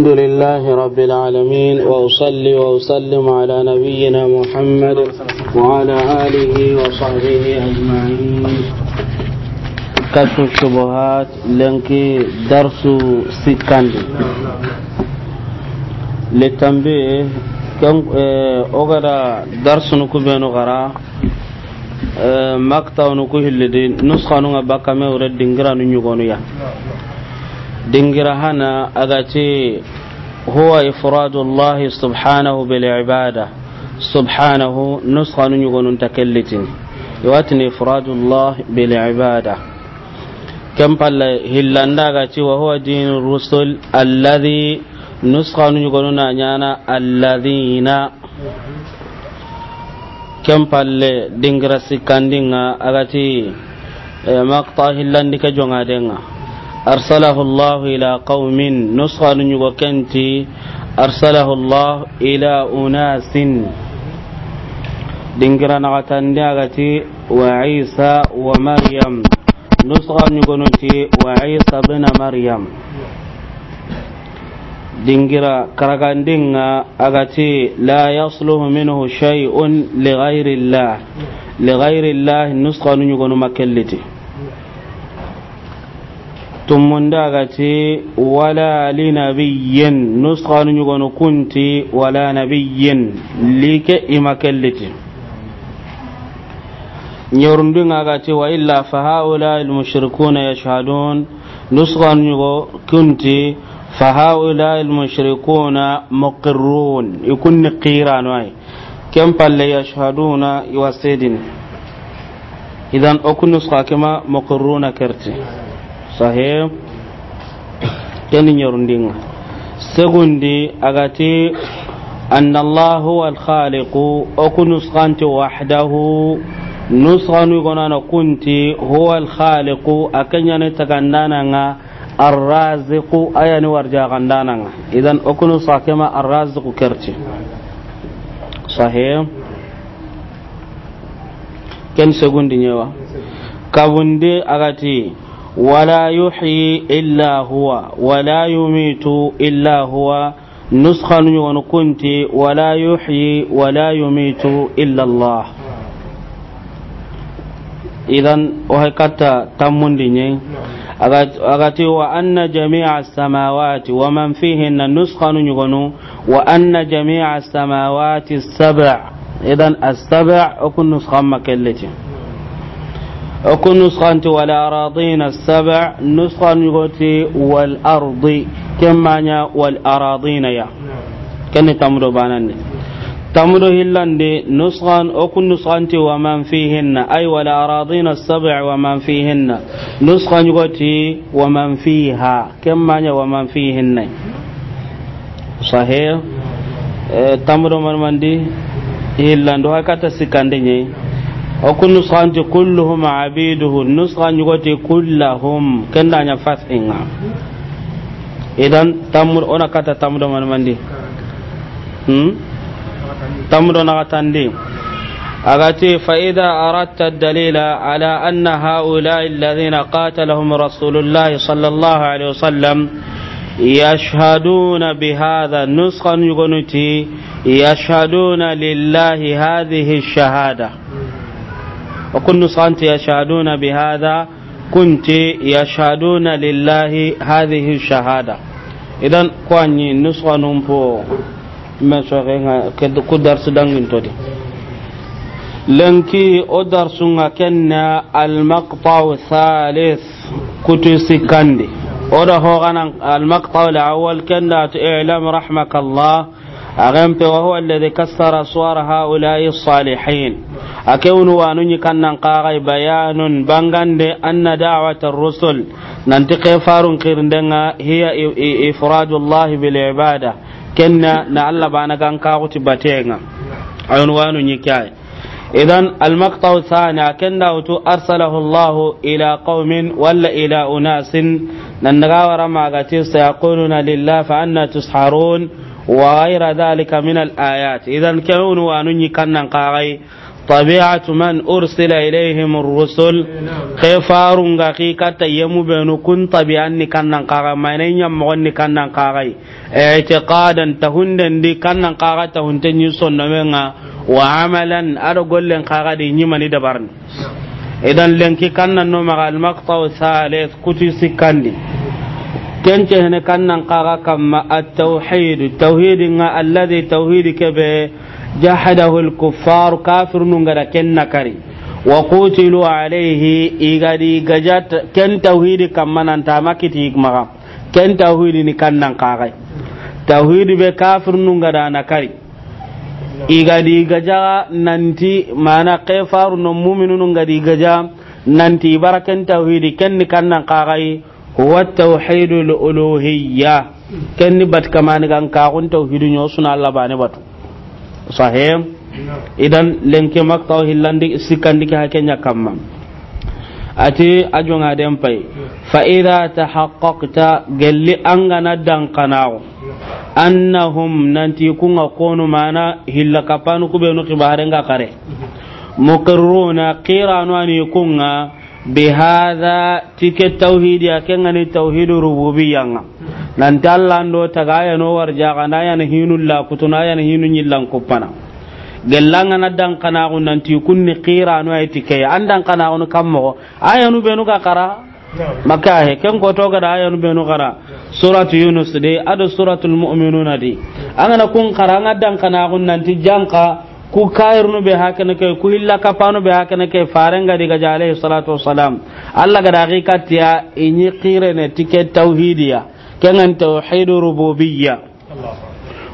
الحمد لله رب العالمين وأصلي وأسلم على نبينا محمد وعلى آله وصحبه أجمعين كشف الشبهات لنكي درس سكان للتنبيه كم أغرى درس نكبين غرا مقطع نكوه الذي نسخة نبقى مورد دنجران نيغونيا dingirahana aga ce huwa ifradu llahi subhanahu bilcibada subhanahu nuskanu ñugonun takellitini iwatini ifradu llah bilcibada ken palla hillanda agati wa huwa dinu rusul alladi nuskanu ñugonu nañana alladina ken palle dingira sikkandinga agati eh, maqta hillandi ke jongadenga أرسله الله إلى قوم نسخة نيوكنتي أرسله الله إلى أناس دنجرا نغتندي وعيسى ومريم نسخة نيوكنتي وعيسى بن مريم dingira karagandinga agati la yasluhu minhu shay'un li ghayri llah li nusqa nu nyugonu makelliti tumun da ga ce wala li nabiyyin nusra ni gono kunti wala like imakalliti nyorun dinga ga ce wa illa fa haula al mushrikun yashhadun nusra ni go kunti fa haula al mushrikun muqirrun ikun qiran wa kam palle yashhaduna yuwasidin idan okun nusra kama muqirruna kerti sahe kenin yaron dinga segundi agati an Allah huwa al-khaliqu aku nusqanti wahdahu nusqanu gonana kunti huwa al-khaliqu akanya ne tagandana nga ar-raziqu ayani warja gandana nga idan aku nusqama ar-raziqu kerti sahih ken segundi nyewa kabundi agati ولا يحيي إلا هو ولا يميت إلا هو نسخة ونكنت ولا يحيي ولا يميت إلا الله إذن وهكذا تمون ديني agati wa anna jami'a samawati wa man fihinna nuskanu yugonu wa anna jami'a samawati sab' idan as-sab' ukun nuskhama kallati أكون نسخة ولا أراضين السبع نسخة نغتي والأرض كما والأراضين يا كن تمر بانني تمر هلاندي نسخة أكون نسخة ومن فيهن أي ولا أراضين السبع ومن فيهن نسخة نغتي ومن فيها كما ومن فيهن صحيح تمر من مندي هلاندو هكذا سكاندي وكل نسخة كلهم عبيده النسخة نقول كلهم كنا نفتحنا إذن تمر أنا كتا تمر من من دي هم تمر أنا كتان دي أغاتي فإذا أردت الدليل على أن هؤلاء الذين قاتلهم رسول الله صلى الله عليه وسلم يشهدون بهذا نسخة يقولون يشهدون لله هذه الشهادة وكن صانت يشهدون بهذا كنت يشهدون لله هذه الشهادة إذن كواني نسخة نمبو ما شغينا كدر سدنين تودي لنكي أدر كنا المقطع الثالث كتو سكندي أدر المقطع الأول كنا تعلم رحمك الله أغنب وهو الذي كسر صور هؤلاء الصالحين أكون وانني كان نقاغي بيان بانغاند أن دعوة الرسل ننتقي فارن قرندنا هي إفراد الله بالعبادة كنا نعلى بانا كان كاغوت باتينا عنوان نكاي إذن المقطع الثاني كنا أرسله الله إلى قوم ولا إلى أناس ننغاور ما سيقولون لله فأنا تسحرون wa ghayra dhalika min ayat idan kaunu wa nunyi kannan qaghai tabi'atu man ursila ilayhim ar rusul khifarun gaqika tayyamu bainu kun tabi'anni kannan qaghai mainan yam monni kannan qaghai i'tiqadan tahundan di kannan qaghai tahundan yi sonnamenga wa amalan adogollen qaghai ni mani idan lenki kannan no magal maqta wa thalith kuti sikandi kence hene kannan kaga kamma at-tauhid tauhid nga alladhi tauhid kebe jahadahu al-kuffar kafir nun ga kenna kari wa qutilu alayhi igadi gajat ken tauhid kamma nan ta makiti maga ken tauhid ni kannan kaga tauhid be kafir nun ga na kari igadi gaja nanti mana kafar nun mu'minun ga di gaja nanti barakan tauhid ken kannan kaga huwa tauhidul uluhiyya kenni bat kamani kan ka kun tauhidu nyo suna Allah bane batu sahih idan lenke mak tauhillandi sikandi ka hakenya kamma ati ajonga den pai fa idha tahaqqaqta galli angana dankanao annahum nanti kunga konu mana hilla kapanu kubenu kibare nga kare muqirruna qiranu ani kunga Bihaza, tike tauhidi akengani tauhidu rububiyanga nanti allah ndo taga ayano warjaxana ayana hinun lakutuna ayana hinun ñillan kuppana gellangana nan nanti kunni no ay tike. an kana on kammo ayanu benu ka kara maka he ken gada ayanu benu kara suratu yunus de ada suratul muminuna di angana kun kana anga nan nanti janka ku kayirnu be hakene ke ku illa kapanu be hakene ke farenga diga ja salatu wassalam allah gada hakikatiya inyi qirene tike tauhidiya kenan tauhid rububiyya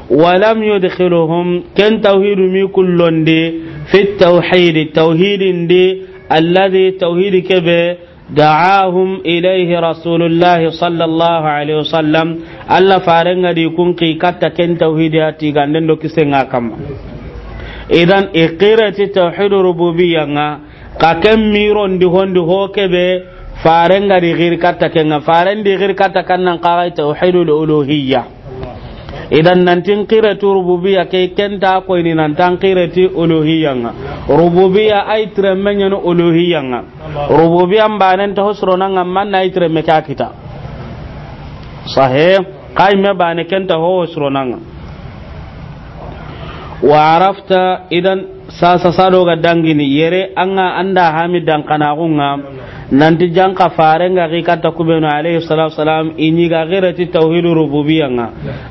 ولم يدخلهم كن توحيد مي كلون دي في التوحيد توحيد دي الذي توحيد كبه دعاهم إليه رسول الله صلى الله عليه وسلم ألا فارنغ دي كون قي كتا كن توحيد هاتي غاندن دو كسنغا idan iqirati tauhid rububiyya nga ka ken miron di hondi ho kebe faren ga di gir katta ken nga faren di gir katta kan nan ka tauhidul uluhiyya idan nan tin qirati rububiyya ke ken ta ko ni nan tan qirati uluhiyya nga rububiyya ay tremenya no uluhiyya nga rububiyya mbanen ta hosro nan amman na ay tremme ka kita sahih kai me bane ken ta ho hosro nan wa arafta idan sasa sado ga dangini yere anga anda hami dan kanagunga nanti janka fare nga ki kata kubenu alayhi salatu wasalam inyi ga ti tauhidur rububiyya nga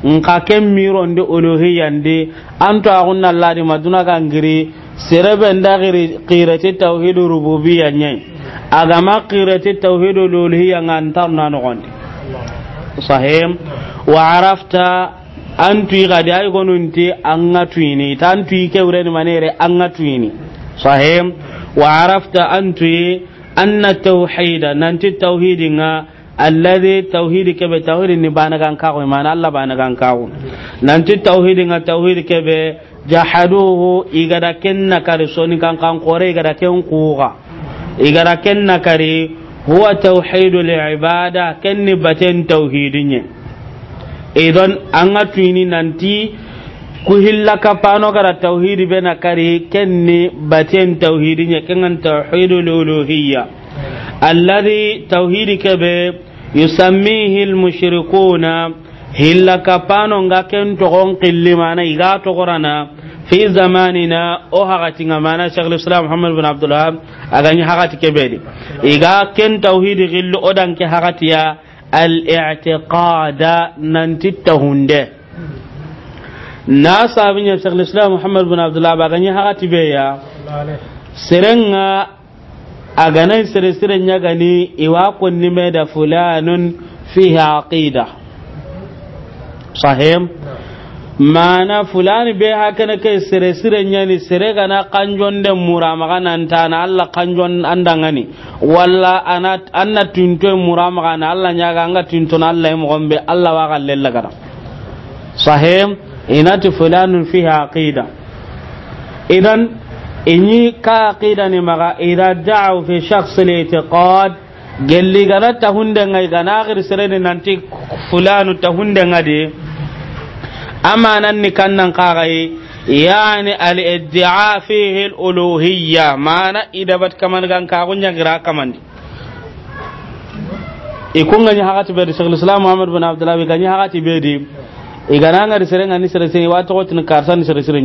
nka kem miro ndi uluhiyya ndi anto agunna ladi maduna ga ngiri serebe nda giri ti tauhidur rububiyya nyai agama ti tauhidul uluhiyya nga antarna nanu gondi sahim wa arafta an tuyi ayi ay nti an ga tuyini ta an tuyi kewreni manere an ga ni. sahim wa arafta an tuyi anna tauhida nanti tauhidin nga alladhi tauhidi kebe tauhidi ni bana kan kawo mana Allah bana kan kawo nanti tauhidi nga tauhidi kebe jahaduhu igada na kari soni kan kan kore igada ken kuga igada na kari huwa tauhidul ibada kenni baten tauhidinye idan an ga nanti ku hilla ka pano gara tauhidi na kari kenni baten tauhidi nya kengan tauhidul uluhiyya alladhi tauhidi kebe yusammihi almushrikuna hilla ka pano nga ken to gon mana iga to qorana fi zamanina o hagati nga mana shaykhul islam muhammad bin abdullah ni hagati kebe iga ken tauhidi gillo odan ke hagati ya al-i'tiqada nan titta hunde na sabi ne shekul islam muhammad bin abdullah ba ganyi haka tibe ya a ganin sire siren ya gani iwa kunni mai da fulanun fiha aqida mana fulani be hakana kee sere sire nyani sere gana kanjon de murama kana ntana alla kanjon andangani walla ana anna tinto murama na alla nyaga anga tinto na alla mo gombe alla wa gallella gara sahem inati fulanun fiha aqida idan inyi ka aqida ni maga ida da'u fi shakhs al-i'tiqad gelli gana ta hunde ngai gana akhir sere nanti fulanu ta hunde dee. amanan ni kannan kagai yani al iddia fihi al uluhiyya mana idabat kaman gan ka gunya gira kaman ikun ganyi hakati be Sheikh Islam Muhammad bin Abdullah ganyi hakati be di igana ngar ni sere sere wato tin karsan sere sere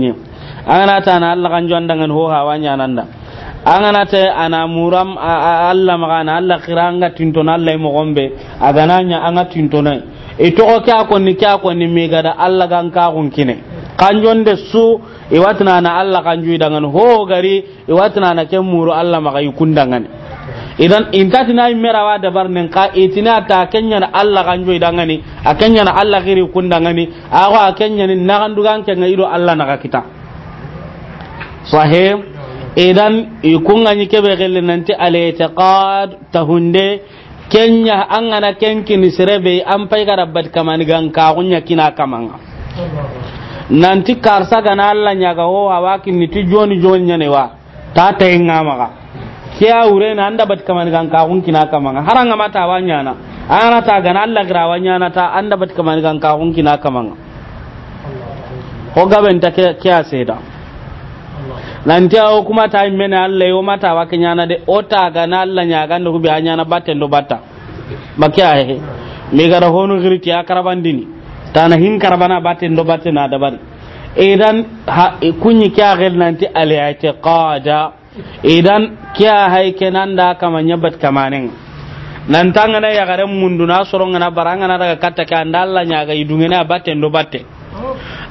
angana ta na Allah kan jonda ngan ho nanda angana ta ana muram Allah magana Allah kiranga tintona Allah mo gombe agananya anga tintona itoxo ke a konni ke a konni migada allah gan kaxun kine jonde su iwatinana allah kanjui dangani ho gari iwatinana ke muru allah maxa yikun dangani idan intatina merawa dabar nen ka itina ta kenyana allah kanjoi dangani a kenyana allah xiri kun dangani axo a kenyani naxandugan kenga ido allah naxa kita sahim idan ikungañi keɓe xelle nanti al itiqad tahunde kenya an gana kenkini sirebe an pai gara bat kamani gan kagunya kina kamanga nanti karsa gana Allah nyaga ho awaki ni ti joni joni nyane wa ta ta inga maga kiya ure na anda bat kamani gan kagun kina kamanga haranga mata wanya na ana ta gana Allah gra wanya na ta anda bat kamani gan kagun kina kamanga ho gaben ta kiya seda nanti awo kuma ta mene allah yo mata wa kenyana de o ta ga na allah nya ga ndu bi anyana batte ndo batta makiya he mi gara honu giri ti akaraban dini na hin karabana batte ndu batte na dabari idan kunyi kya gel nanti al qada idan kya hay kenan da kama nyabat kamanin nan tangana ya garan mundu na soronga na baranga na daga katta ka andalla nya ga idungena batte ndu batte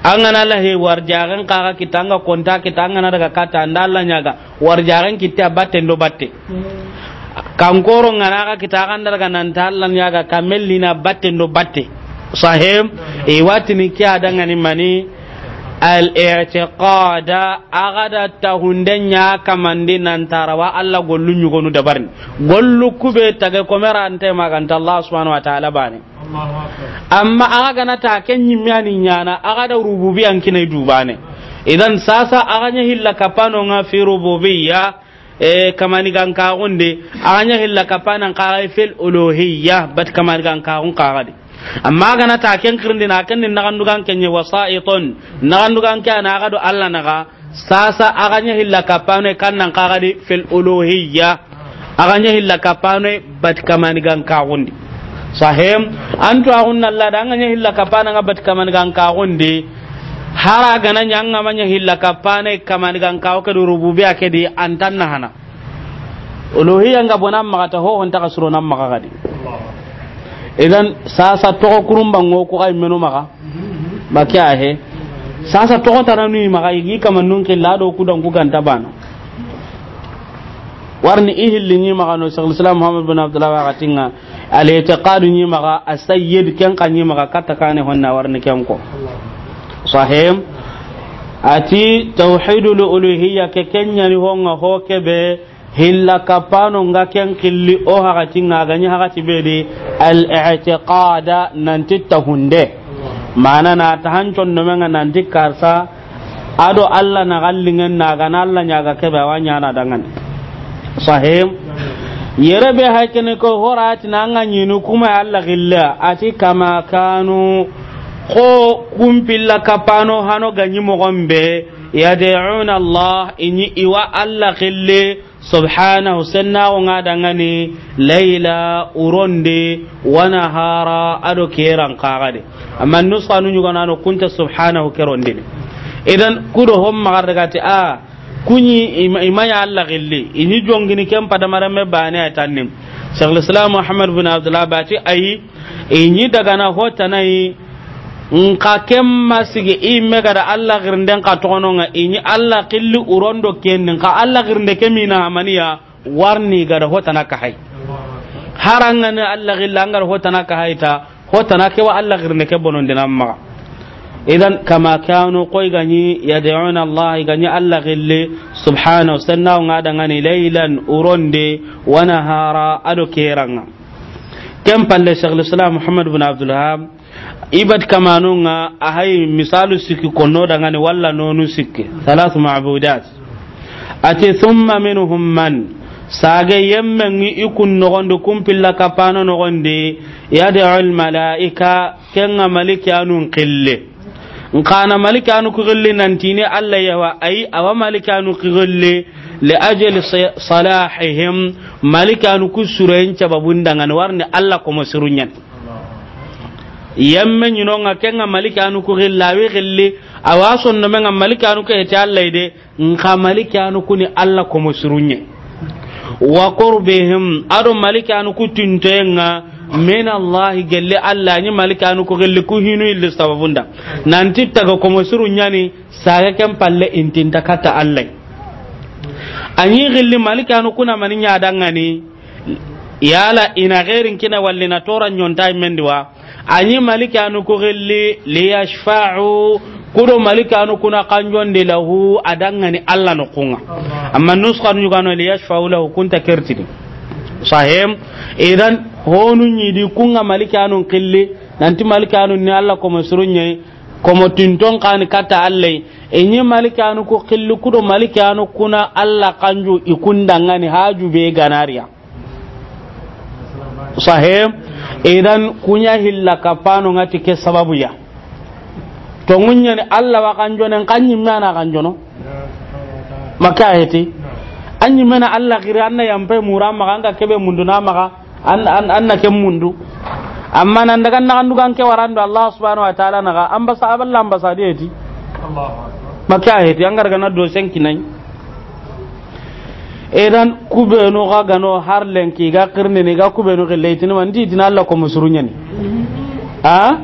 an gana lahi warjagen kaga kita an ga konta kita an gana daga kata an da Allah nyaga warjagen kita batte ndo batte kan koro ngana ga kita kan daga nan ta Allah nyaga kamelli na batte ndo batte sahim e watini kiya daga ni mani al i'tiqada agada tahundenya kamandi nan tarawa Allah gollu nyugonu dabarni gollu kube tage komera ante maganta Allah subhanahu wa ta'ala bani amma aga gana ta ken yana a aga da rububiyan kinai ne idan sasa aga nya hilla kapano nga fi rububiyya e kamani gan ka gonde aga nya hilla kapana ka fil uluhiyya bat kamani gan ka gon ka gadi amma na ta ken kirin na ken na gandu gan kenye wasaiton na gandu gan ka na gado alla ga sasa aga nya hilla kapano e kan nan ka gadi fil uluhiyya aga nya hilla kapano e bat kamani gan ka de. sahem antu agun nalla da ka hilla kapana ngabat kaman gan ka gonde hara gana nyanga manya hilla kapana kaman gan ka ko do rububiyya ke di antan na hana uluhiyya nga bonan magata ho on ta kasuro nan magagadi idan sasa to kurum bango ko ay meno maga bakya he sasa to ko taranu maga yi kaman nun ke lado ku dan ku ganta bana warni ihil ni maga no sallallahu alaihi wasallam muhammad bin abdullah wa katinga al-i'tiqadu ni maga as-sayyid ken kan ni maga kata kane honna warni ken ko sahim ati tauhidul uluhiyya ke kenya ni honga ho kebe hilla kapano nga ken killi o hagati nga ganyi bedi al-i'tiqada nanti tahunde mana na ta hancon no menga nanti karsa ado allah na gallingen na gana alla nyaga kebe wanya na dangan sahim yere be hakene ko horati na anga nyinu kuma Allah gilla ati kama kanu ko kumpilla kapano hano ganyi mogombe yad'una allah inni iwa alla gilla subhanahu sanna wonga dangani layla uronde wa nahara ado keran kagade amma nusanu nyugana no kunta subhanahu keronde idan kudo homma gardaga ti a ah, kunyi imaya Allah gille ini jongini ken pada me bane ay tannim Islam Muhammad bin Abdullah bati ayi ini daga na hota nai nka kem masigi imme kada Allah girnden ka nga ini Allah qilli urondo ken ka Allah girnde kemina amaniya warni gada hota na kahai harangana Allah gilla ngar hota na kahaita hota na kewa Allah girnde ke bonon dinamma idan kama kanu koy ganyi yad'una allah ganyi allah gille subhanahu sanna wa da ngani laylan uronde wa nahara adu kiran kem palle shaykhul islam muhammad ibn abdul wahhab ibad kamanunga ahay misalu sikki konno da ngani walla nonu sikki salatu ma'budat ati thumma minhum man sage yemmengi ikun nogondi kumpilla kapano nogondi ya al malaika kenga maliki anun qille nkana malika anu kigille nantine allah yawa ay awa malika anu kigille li ajali salahihim malikanu ku suren cababundangani warni allah komo sirunyen yamme nga kenga malika ku xilla awi xilli awa sonnomenga malikanu ke alla yide de malika anu kuni allah komo sirunye wa qurbihim ado malika ku tintoyenga min allah gelle allah ni malika anu ko gelle ku hinu illi sababunda nanti taga ko mosiru nyani saga kem palle ta kata allah anyi gelle malika anu kuna mani nyadangani yala ina gairin kina walli na toran nyonta mendiwa anyi malika anu ko gelle liyashfa'u kudo malika anu kuna kanjon de lahu adangani alla no kunga amma nusqa yugano li yashfa'u lahu kunta kirtini sahim idan honu nyidi kunga anu qilli nanti anu ni alla ko nye ko motinton kan kata alle enye malikanu ko qilli kudo anu kuna alla kanju ikunda ngani haju be ganaria sahem idan kunya hilla kapano ngati ke sababu ya to ngunya ni alla wa kanjo nan kanyi mana kanjo no makaheti anyi mana alla gira anna yampe murama kanga kebe munduna maka an an na ken mundu amma nan daga na kandu ke warando Allah subhanahu wa ta'ala naga an basa aballa an basa de ti makya heti an gargana do sen kinai edan kubenu ga gano har lenki ga kirne ne ga kubenu ga leitini man di dina Allah ko musurunya ne a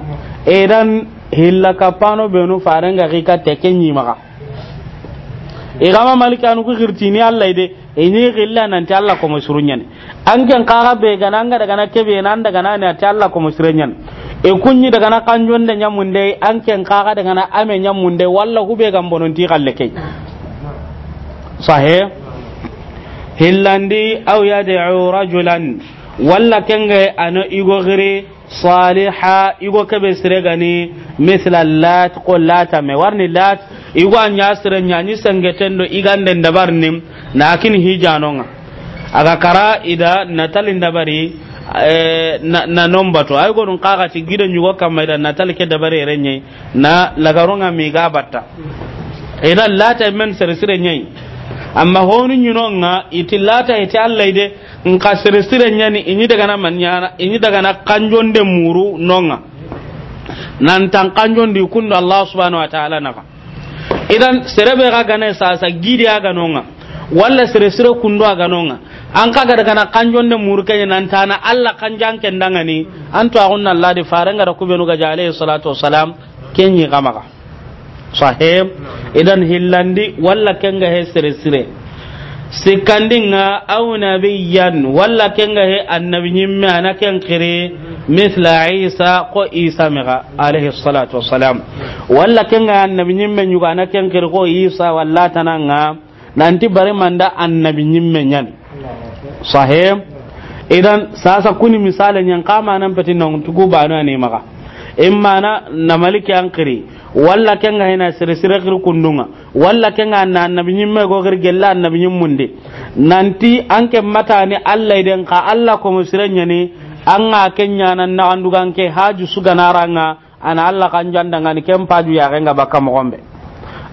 edan hilla kapano benu faranga ga ka tekenyi maka igama malikanu ku girtini Allah ide ini gilla nan ta Allah ko musrunyan an kan kaga be ga nan ga daga na kebe nan daga nan ne ta Allah ko musrunyan e kunyi daga na kanjon da nyamun dai an ken kaga daga na ame nyamun dai wallahu be ga bonon ti kalle kai sahih hillandi aw yad'u rajulan walla kenge ano igo gire salihah igo kebe sire gani misla lat qul lat me warni lat igwa nya sere nya ni do igande ndabar nim na kin hijanonga aga kara ida natali ndabari eh, na, na to ay gonun ti gidan yugo kamma ida natali ke dabari renye na lagaronga mi gabata ina lata men sere nyai amma honu nyuno nga iti lata iti allah ide nka sere nyani inyi daga na manyana inyi daga na kanjonde muru nonga nan tan kanjonde kunna allah subhanahu wa ta'ala nafa idan serebe ga gane sasa gidi aga nonga walla sere sere kundo aga nonga an ka daga na kanjon da murke nan na Allah kan janke danga ni an to agunna Allah de faranga da kubenu ga jale salatu wassalam kenyi gamaka sahib idan hillandi wala kenga he sere sere Sikandin sikkandinga aw nabiyan walla kenga he annabi ñimme ana ken kiri misla isa ko isa mega alayhi salatu wassalam walla kenga annabi ñimme ñuga ana ken kiri ko isa walla tananga nanti bare manda annabi ñimme ñani sahe idan sasa kuni misale ñan kama nan peti nantugu bano ani maga imma na namali ke an kiri walla ke nga hina sire sire kiri kundunga walla ke nga na annabi me go kiri gella annabi nyimmunde nanti anke matani allah idan ka allah ko musire nyani an ga kenya nan na andugan ke haju naranga ana allah kan janda ngani kempaju ya ga baka mo gombe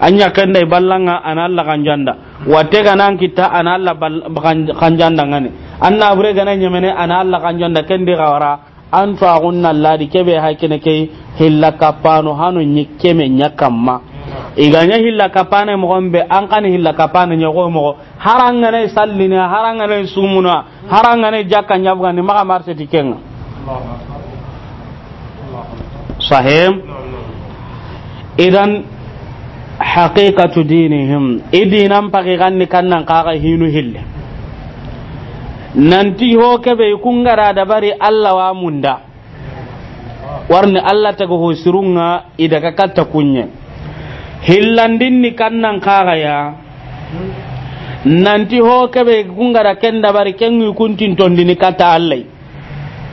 anya dai ballanga ana Allah janda wate ganan kita ana Allah janda ngani anna bure ganan nyemene ana Allah kanjanda kende gawara an to agunna ladi kebe hakene ke hilla kapano hanu nyikeme nyakamma iganya hilla kapane mo gombe an kan hilla kapane nyago mo haranga ne sallina haranga ne sumuna haranga ne jakka nyabga ni maka marse tikenga sahem idan haqiqatu dinihim idinan pakiganni kannan kaga hinu hille nanti ho kebe kungara da bari Allah wa munda warni Allah ta go ida idaka katta kunye hillandin ni kannan kagaya nanti ho kebe kungara ken da bari ken kuntin tondini kata Allah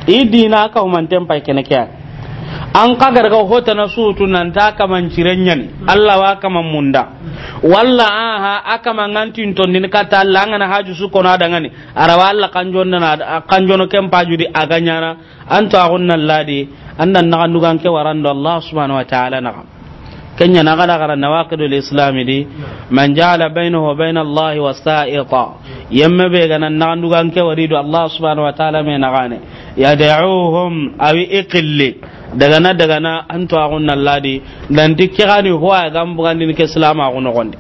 idina ka humanten pai an kagar ga hota na sutu nan ta kaman cirenyan Allah wa kaman munda walla aha man ngantin ton din kata Allah ngana haju su kono da ngani arawa Allah kanjon na kanjon kem paju di aganya na anta gunna ladi annan na ganke waran waranda Allah subhanahu wa ta'ala na kenya na gada gara nawaqidu al-islam di man ja'ala bainahu wa bain Allah wasa'ita yamma be ga nan nan ganke ke waridu Allah subhanahu wa ta'ala me na gane da'uhum aw iqilli daga na daga na an to agun nan ladi dan kira dikkani ho ya gambugan din ke islama agun gonde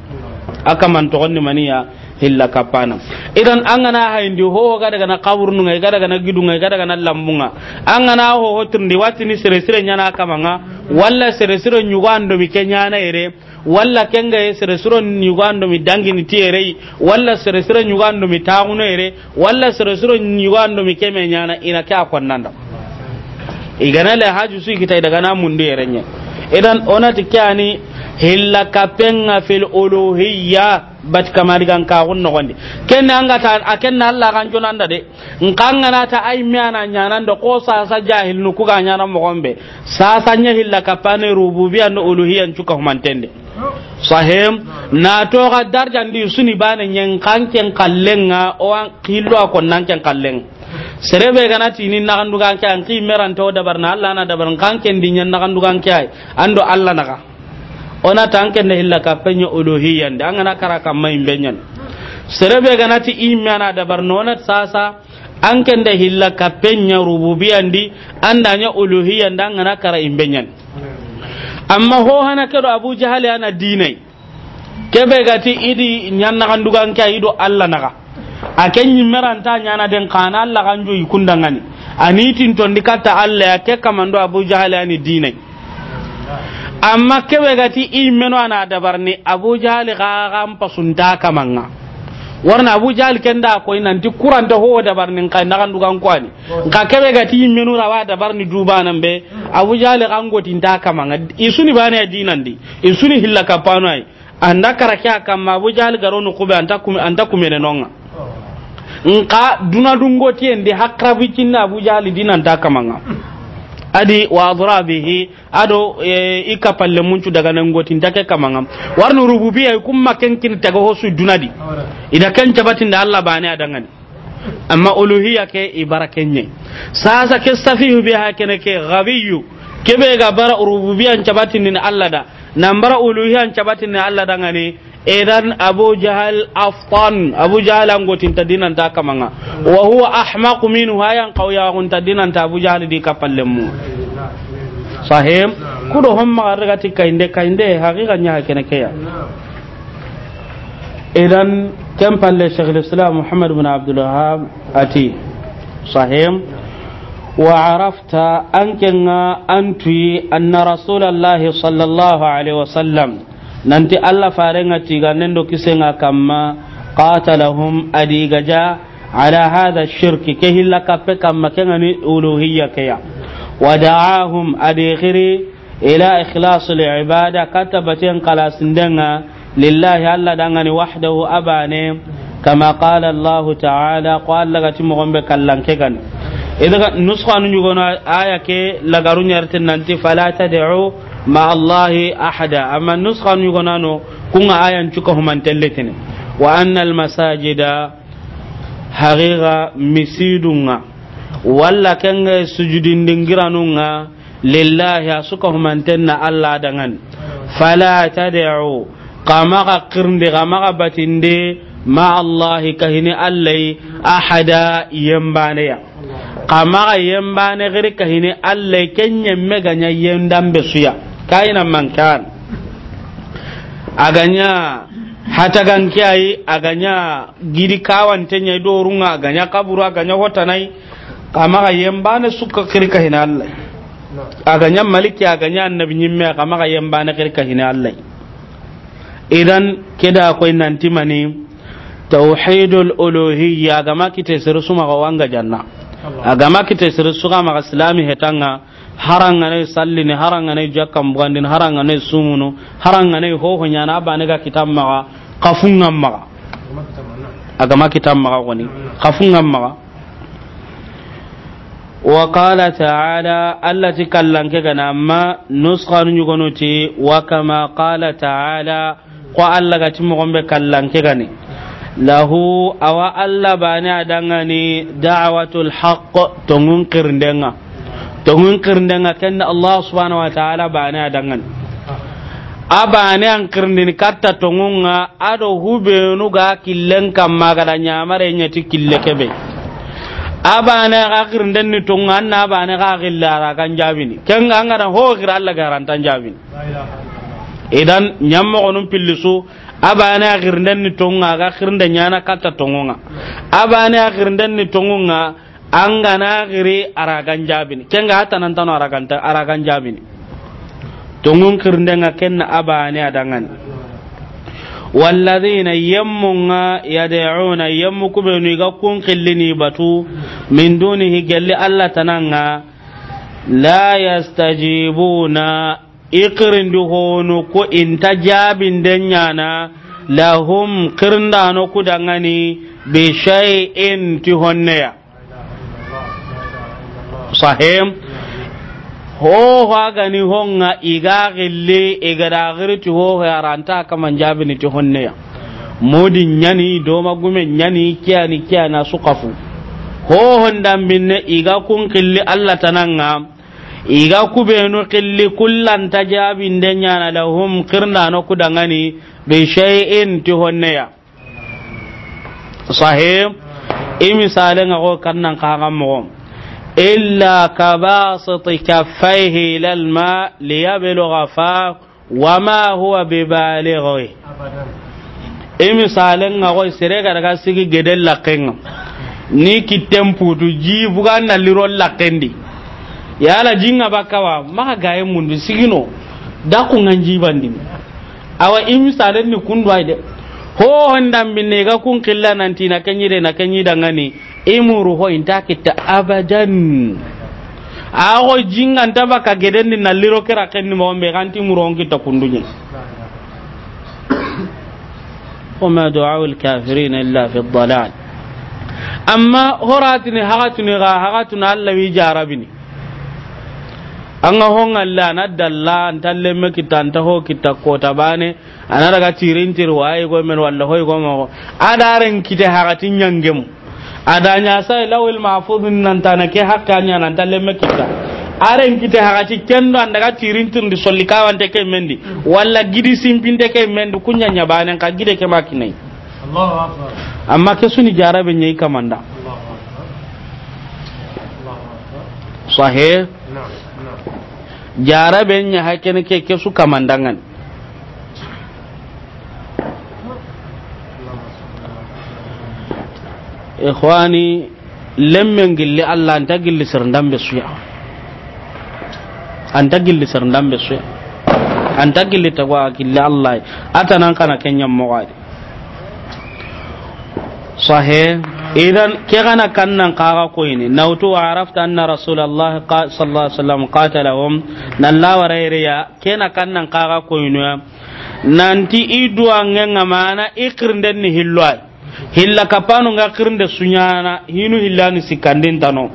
aka man to gonni maniya hilla kapana idan an gana hayndi ho ga daga na kaburnu ga daga na gidu ga daga na lambunga an gana ho ho hotin di wati ni sire sire nyana kamanga walla sire sire nyugando mi kenya na ere walla kenga ye sire sire nyugando mi dangi ni tiere walla sire sire nyugando mi taguno ere walla sire sire nyugando mi kemenya na ina ka konnanda igana la haju su kita daga na mundu yerenya idan ona kyani hilla kapenga fil uluhiyya bat kamari kan ka hunno gonde kenna anga ta akenna Allah kan jona nda de nkanga na ta ai miana nyana ndo ko sa sa jahil nu ku ga nyana mo gombe sa sa nya hilla kapane rububiyya no uluhiyya ntuka humantende sahem na to ga darjan di suni bana nyen kan ken kallenga o an kilo ko nan ken kallenga serebe gana tini nagandugan ke an to dabar na allah na dabar kan ken dinya nagandugan ke an ando allah naga ona tan ken ne hilla ka penyo uluhiyan da ngana kara kam mai benyan serebe gana ti imana dabar nona sasa an ken da hilla ka penya rububiyan di an andanya uluhiyan da ngana kara imbenyan amma ho hana kedo abu jahali ana dinai kebe gati idi nyanna kandugan ke ido allah naga a ken ta ñana den kana allah kan joyi kundangani anitin tondi katta allah ya ke kamando abu jahal ani dine amma keɓe gati immeno ana dabarni abu jahal gam pasunta kamanga warna abu jahal kenda koy Qur'an da ho dabarni ka kan dugan kwani ka keɓe gati immeno rawa dabarni nan be abu jahal kan gotinta kamanga isuni bane ya di isuni hillaka kapano ay anda karake a kamma abu jahal garo nukube anta kumene nonga nka duna dungo tiendi hakrabi cinna abu jahali dina ta kamanga adi wa bihi ado e, ikapalle muncu daga nan gotin take kamanga warnu rububiyya kumma kin tago hosu dunadi ida kan jabatin da Allah bane adangani amma uluhiyya ke ibarakenye sasa ke safihu biha kene ke ghabiyu kebe ga bara rububiyya jabatin ni Allah da nan bara uluhiyyan jabatin ni Allah dangani idan abu jahal afton abu jahal an gotin ta dinan ta kamanga wa huwa ahmaqu minhu hayan qawya kun ta dinan ta abu jahal di kapal lemu sahim kudo homma garga tikka inde ka inde haqiqa nya kene kaya idan kan palle shaykhul islam muhammad ibn abdul wahhab ati sahim وعرفت أنكنا an أن رسول الله صلى الله عليه وسلم nanti allah fare nga tiga nendo kise nga kamma qatalahum adiga ja ala hada shirk ke hilla kafe kamma ke ngani uluhiyya ke ya wa da'ahum ila ikhlas li ibada katabatin qalas ndenga lillahi alla dangani wahdahu abane kama qala allah ta'ala qala gati mugombe kallan ke gan idaga nusqanu nyugona aya ke lagaru nyartin nanti fala tad'u ma allahi ahada amma nuskha nu gonano kunga ayan cuka human telletene wa anna al masajida haqiqa misidunga walla kenga sujudin dingiranunga lillahi asuka human tenna allah dangan fala tad'u qamaqa qirndi qamaqa batinde ma allahi kahini allai ahada yembaneya qamaqa yembane giri kahini allai kenya meganya yendambe suya kainan man kan aganya gan kiyayi aganya gidi kawan do runga aganya kaburu aganya nai kama ga yembana suka kirka hina Allah aganya maliki aganya annabi nyimme kama ga yembana kirka hina Allah idan keda akwai nanti mani tauhidul uluhiyya agama kite sirsu maga wanga janna agama kite sirsu ga maga islami hetanga ne sallini harangane jakkam haranga ne sumuno ho nyana ba ne ga kitam maga kafungam maga agama kitam ma goni kafungam maga wa qala ta'ala allati kallanke gana ma nuskhanu ti wa kama qala ta'ala kwa allah ga gombe kallanke gani lahu awa allah bani adangani da'watul haqq tongun kirndenga tongun kirndenga kenna allah subhanahu wa ta'ala bane adangan abane an kirndin katta tongunga ado hubenu ga killen kamma gada nyamare nyati kille kebe abane ga kirnden ni tonga anna abane ga gillara kan jabini ken an gara ho gira allah garantan jabini idan nyamma onum pillisu abane a girnden ni tonga ga girnde nyana katta tongunga abane a girnden ni tongunga an gana gire aragan jabini ken ga hata nan tano aragan ta aragan jabini tungun ngun kirnde nga ken na abane adangani walladhina yammunga yad'una yammu kubenu ga kun qillini batu min dunihi galli alla tananga la yastajibuna iqirindu hono ko ta jabin denyana lahum qirndano kudangani bi shay'in tihonneya sahim ho gani honga iga gille iga da girti ho yaranta kaman jabini ti honne ya modin nyani do magume nyani kiyani kiyana suqafu ho hondan binne iga kun qilli alla tananga iga kubenu qilli kullan tajabi den na lahum qirna no kudangani bi shay'in ti honne ya sahim i misalen ga ko kannan kagan mo إلا كباسط كفيه إلى الماء ليبلغ فاه وما هو ببالغه i misalen ga koy sere ga daga sigi gede lakken ni ki kitten putu ji buga na liro lakken di yala jinga bakawa maka gaye mundu sigino da ku ngan ji di awa i misalen ni kundu ay de ho honda minne ga kun killa nan tina kanyi de na kanyi ngani. imuru ho inta kitta abadan ago jinga ntaba ka gedenni na liro kera kenni mo me ganti ta kundunye kitta kundunya وما دعاء الكافرين إلا في الضلال أما هراتني هغتني غا هغتني الله يجاربني anga hon la na dalla ntalle me kita ta ho kita kota bane anara ga tirin tir go men walla hoy go mo adaren kite hagatin yangemu adanya sai lawil mahfuz nan tana ke hakkanya nan talle mekita aren kite hakati kendo tirin tun di solli kawante ke mendi walla gidi simpinte ke mendi kunya nyabanen ka gide ke makinai Allahu akbar amma ke suni jarabe nyai kamanda sahih jarabe nya hakene ke ke su kamandangan ikhwani lemmen gilli allah anta gilli sirndambe suya anta gilli sirndambe suya anta gilli tagwa gilli allah atanan kana kenyan mawadi sahe idan ke gana kannan kaga koyni nautu wa arafta anna rasulullah sallallahu alaihi wasallam qatalahum nan la ke kena kannan kaga koyno nanti idwa ngenga mana ikrinden ni hilwai hilla kapanu nga kirnde sunyana hinu ni sikandin tano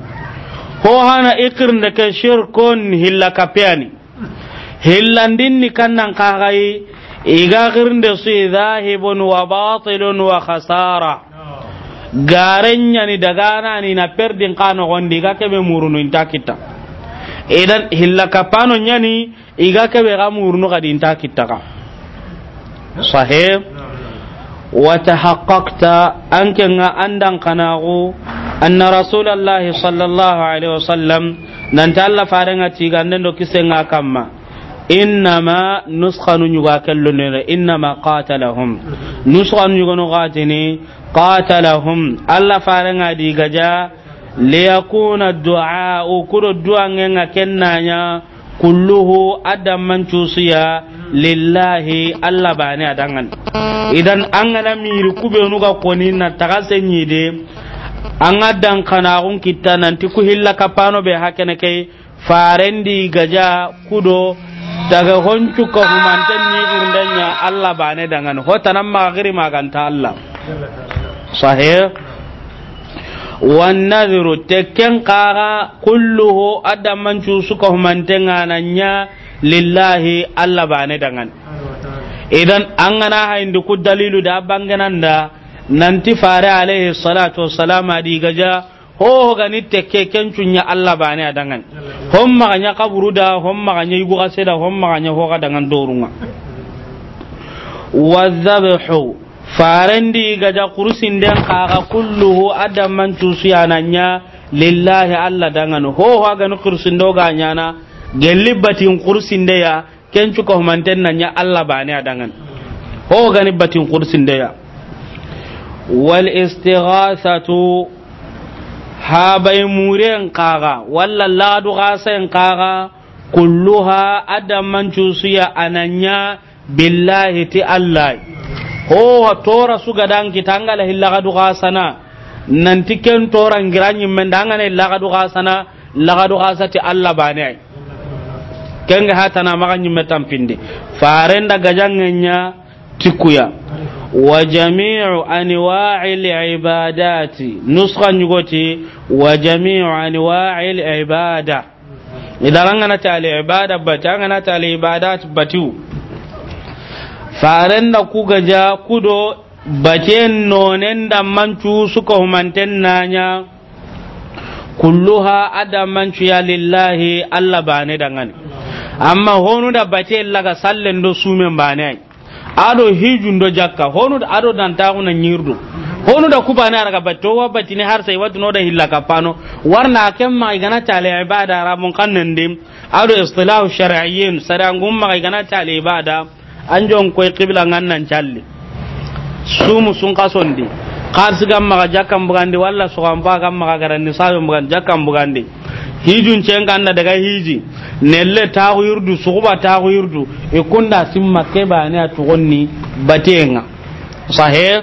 ho hana ikirnde ke shirkon hilla kapiani hillandin ni kannan kagai iga kirnde su zahibun wa batilun wa khasara garenya ni dagana ni na perdin kano gondi ga kebe murunu intakita idan hilla kapano nyani iga kebe ga murunu ga intakita ka sahib وتحققت أنك أندن قناغو أن رسول الله صلى الله عليه وسلم ننتهى فارنة تيغان دو كسنغا كما إنما نسخة نيغا كلن إنما قاتلهم نسخة نيغا نغاتني قاتلهم الله فارنة ديغا ليكون الدعاء كل الدعاء كنانيا kulluhu adam man cusiya lillahi allah bane adangan idan an gana miri kube nuga koni na taga senyi de an ga dankanagun kitta nanti ku hilla kapano be hakene kai farendi gaja kudo daga honcu ka humantan ni irndanya allah bane dangan hotanan magiri maganta allah sahih والنذر تكن قارا كله أدم من شوسكه من تنغانا لله ألا باني دنغان إذن أنغنا هيند كو دليل دا بانغنان دا ننتي فاري عليه الصلاة والسلام دي جا ho gani tekke kencunya bane a dangan hon kaburu da hon maganya yugo kaseda ho ga dangan farendi gaja den kaga kulluhu adamman cusuyananya lillahi allah dangano na, agani kurusindo ganyana gelli ya kurusindeya ken cukahumanten nanya allah bani a ho ga ni batin kurusindeya ha habai muren kaga walla ladu gasen kaga kulluha adamman cusuya ananya billahi ti allah ho wa tora su gadan kitanga la hillaga du gasana nan tiken tora ngiranyi men danga ne laga du gasana laga du gasati alla bane ay hata na maga nyimme tampindi farenda gajangenya tikuya wa jami'u anwa'il ibadati nuskha nyugoti wa jami'u anwa'il ibada idan an ta al ibada bata an ta al ibadat batu faren da ku gaja kudo baten nonen da mancu suka humanten nanya kulluha adam mancu ya lillahi Allah da dangane amma honu da bace laga sallen do sumen ne ado hijun do jakka honu da ado dan tawo na nyirdu honu da ne raga bato wa ne har sai wadu no da hilla kapano warna kem ma igana tale ibada ramun kannan dim ado istilahu shar'iyyin sarangum ma igana tale ibada an jon koy qibla ngan nan challi sumu sun kasondi kar sigam maga jakam bugandi walla sugam ba gam maga garandi sabe bugan jakam bugandi hijun cenga anda daga hiji nelle taxu yurdu suguba ta yurdu i kunda simma keɓane a tugonni batenga sahe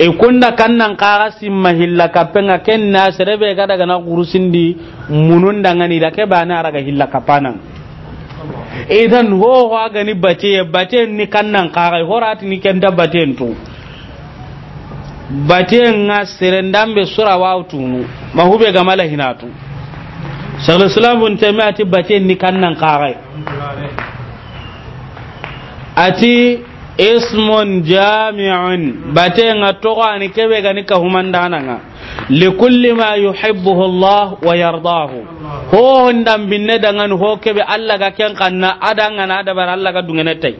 i kunda kannan kaxa simma hilla kappenga ken na serebe ga daga na gurusindi munundangani da keɓane araga hilla kappanan idan ho ho gani bace bace ni kannan kaga horati ni da bace tu bace nga serendam be sura wautu mahube ga mala hinatu sallallahu alaihi wasallam ta mai bace ni kannan ati ismun jami'un bate nga togo ani kebe gani ka humandana nga kulli ma yuhibbuhu Allah wa yardahu ho ndam binne dangan ho kebe Allah ga ken kanna adanga na da bar Allah ga dungene tay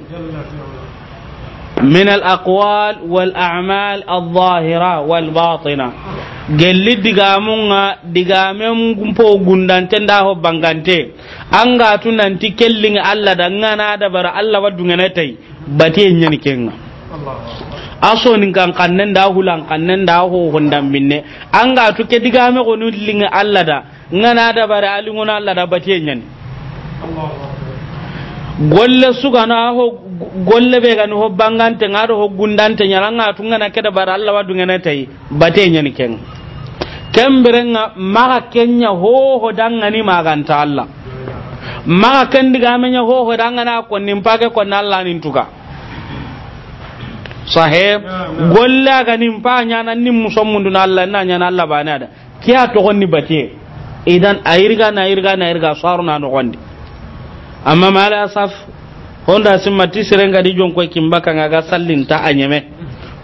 min al aqwal wal a'mal al zahira wal batina gelli digamunga digamen gumpo gundante nda ho bangante anga tunanti kellinga Allah dangana da bar Allah wa dungene tai bate nyani kenga aso nin kan kannen da hulan kannen da ho hondan minne an ga to ke diga me gonu linga Allah da ngana da bare ali ngona Allah da bate nyani golle suga na ho golle be ganu ho bangante ngado ho gundante nyaranga ngana na keda bare Allah wadu ngana tai bate nyani kenga nga maga kenya ho ho dangani maganta Allah ma kan diga menya ho ho danga na ko nim pake ko nalla nin tuka sahe golla ga nim pa nya nan nim musommun dun alla na nya na alla bana da kiya to gonni batie idan ayirga na ayirga na ayirga saru na no gondi amma mala asaf honda simma tisirenga di jonko kimbaka ngaga sallinta anyeme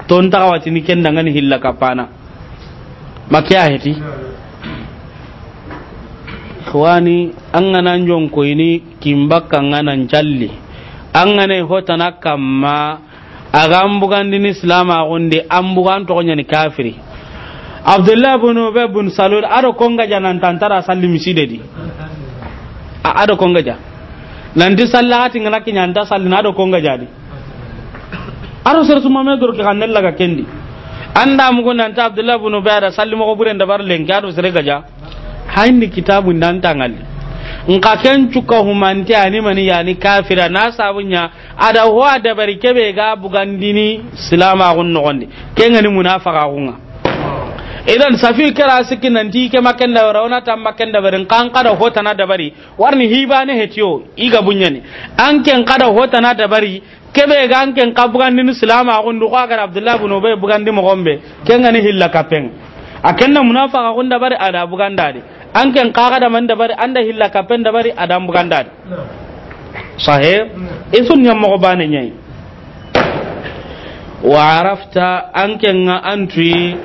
ton ta wati ni kenda ngani hilla kapana makiya heti ikhwani an gana njon koyni kimbakka ngana njalli an gana hotana kamma agan bugandini islama gonde an bugan togonyani kafiri abdullahi bin ubay bin salul ado konga ja nan tantara salli miside di ado konga ja nan di salla ati ngana kinya anda salli na ado konga ja di ado sir suma me dur ke kanel laga kendi anda mugo nan ta abdullahi bin ubay da salli mo ko buren da bar len ga ado sir gaja hayni kitabun dan tangal nka ken cuka humanti ani mani yani kafira na sabunya ada ho ada barike be ga bugandini silama gun gonde kenga ni munafaqa gunga idan safi kira siki nan ti ke maken da rauna ta maken da barin kan kada hota na da bari warni hiba ne hetiyo iga bunyani an ken kada hota na da bari kebe ga an ken kabugan din silama gun du ga abdullah bin ubay bugan mo gombe kenga ni hilla kapen akenna munafaqa gun da bari ada bugandade an ken kaga da man dabari da hilla kapen dabari adam buganda sahe hmm. isun nyam mo bane nyai wa arafta an ken nga antui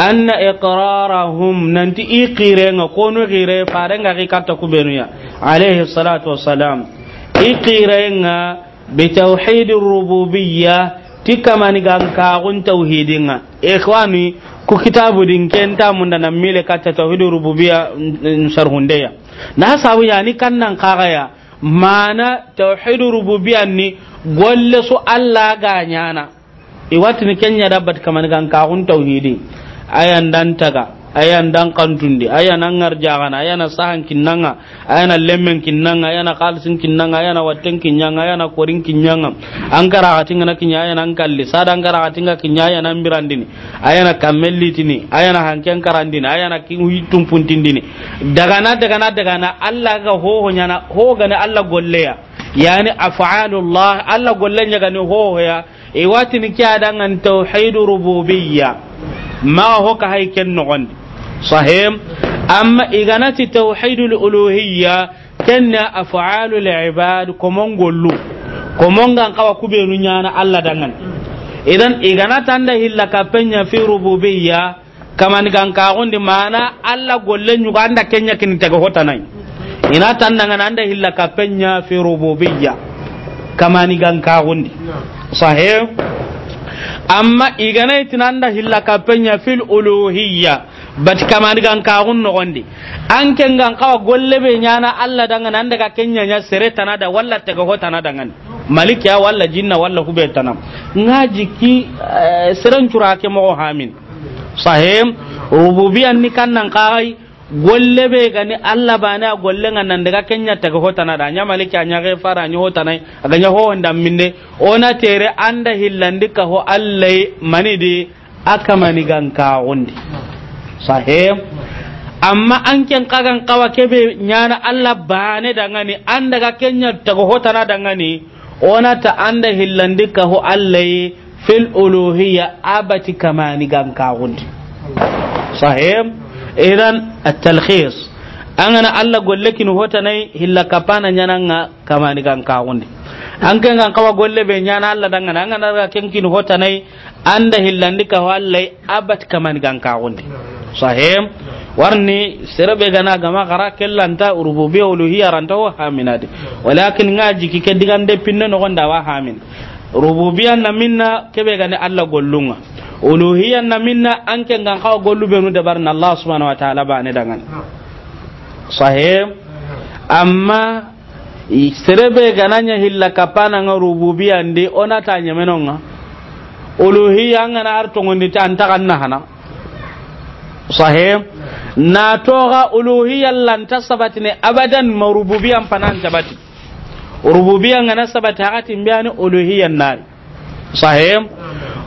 anna iqrarahum nanti iqire nga kono gire fare nga ki katta ya alayhi salatu wassalam iqire nga bi tauhidir rububiyya tikamani gan ka gun tauhidinga ikhwani ku kitabu din kenta mun da nan mile katta tauhidur rububiyya sarhundeya na sabu ya ni kannan kagaya. mana tauhidur rububiyya ni golle su Allah ga nyana iwatini kenya dabbat kaman tauhidi ayan dan taga ayan dan kantundi ayan an ngarjagana ayan sahan kinnanga ayan lemmen kinnanga ayan qalsin kinnanga ayan watten kinnanga ayan korin kinnanga an kara hatin na kinya ayan an kalli sada an kara hatin ga kinya ayan an birandini ayan tini ayan hanken karandini ayan kin huitun puntindini daga na daga na daga na Allah ga ho nyana ho ga ne Allah golleya yani af'alullah Allah gollenya ga ne ho ya kiya dan an tauhidur rububiyya ma ho ka hay ken no gondi صحيح أما إغنات توحيد الألوهية كان أفعال العباد كمون قلو كمون قوى كبير نيانا الله دنان إذن إغنات عنده إلا كبنيا في ربوبية كما نكان كاغون دي مانا الله قلن يغا عنده كنيا كنين تغوطة نين إنا تندن عنده إلا كبنيا في ربوبية كما نكان كاغون دي صحيح amma igana itinanda hilla kapenya fil uluhiyya bati kamani gan ka hun no gondi an ken gan ka golle ɓe ñana alla dangani nan daga ken nya sere tanada walla tega ho tana malik ya walla jinna walla huɓe tanam ngaji ki eh, seren cura ke mo hamin sahem rububiyan ni kan nan kai golle be gani allah bane a golle ga nan daga kenya taga nya aña maliki aña xe fara nya ho agaña minne ona tere anda hillandi ka ho allahy manidi akamani gan ka hundi sahih amma an ken kagan kawa kebe nyana Allah bane dangani an daga kenya tago hotana dangani ona ta anda hillandika ho Allah fil uluhiyya abati kamani gan kawundi sahih idan at-talkhis angana alla golle kinu hotanai hilla kapana nyananga kamani kan kawundi an kan kan kawa golle be nyana alla dangana angana ga ken kinu hotanai anda hillandi ka walle abat kamani kan kawundi sahem warni serebe gana gama gara kellanta urububiyya uluhiyya ranta wa haminadi walakin ngaji kike digande pinne no gonda wa hamin rububiyya na minna kebe gane alla gollunga uluhiyya na minna an kan kawa gollu benu nu dabarna allah subhanahu wa ta'ala ba ne dangana sahih amma serebe gananya hilla kapana nga rububiya ndi ona ta nyemenonga uluhiya nga na artongondi ta antaka nahana sahih na toga uluhiya lanta sabati ne abadan ma rububiya panan tabati rububiya nga na sabati hakati mbiyani uluhiya nari sahih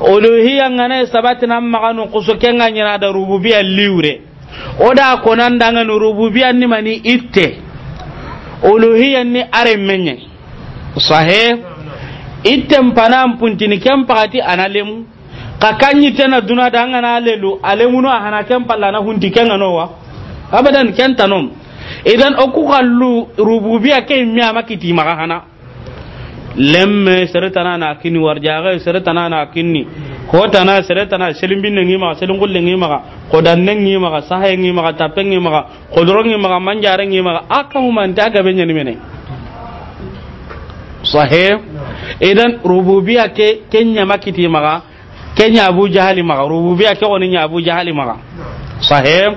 uluhi nga na sabati na maganu kusukenga nyana da rububiya liure oda konan danga ni rububiyan ni mani itte uluhiyan ni are menye sahe itten panan puntini ken pakati ana lemu ka kanyi tena duna danga na lelu alemu no hana ken palla na hunti ken wa abadan ken tanom idan oku kallu rububiya ke mi amakiti maka hana lemme seretana na kini warjaga seretana na kini ko tana sere tana selin binne ngi ma selin gulle ngi ma ko danne ngi ma sahay ngi ma tapen ngi ma ko doro ngi ma manjare ngi ma aka mu man daga benya ni mene sahih idan rububiyya ke kenya makiti ma kenya abu jahali ma rububiyya ke onin abu jahali ma sahih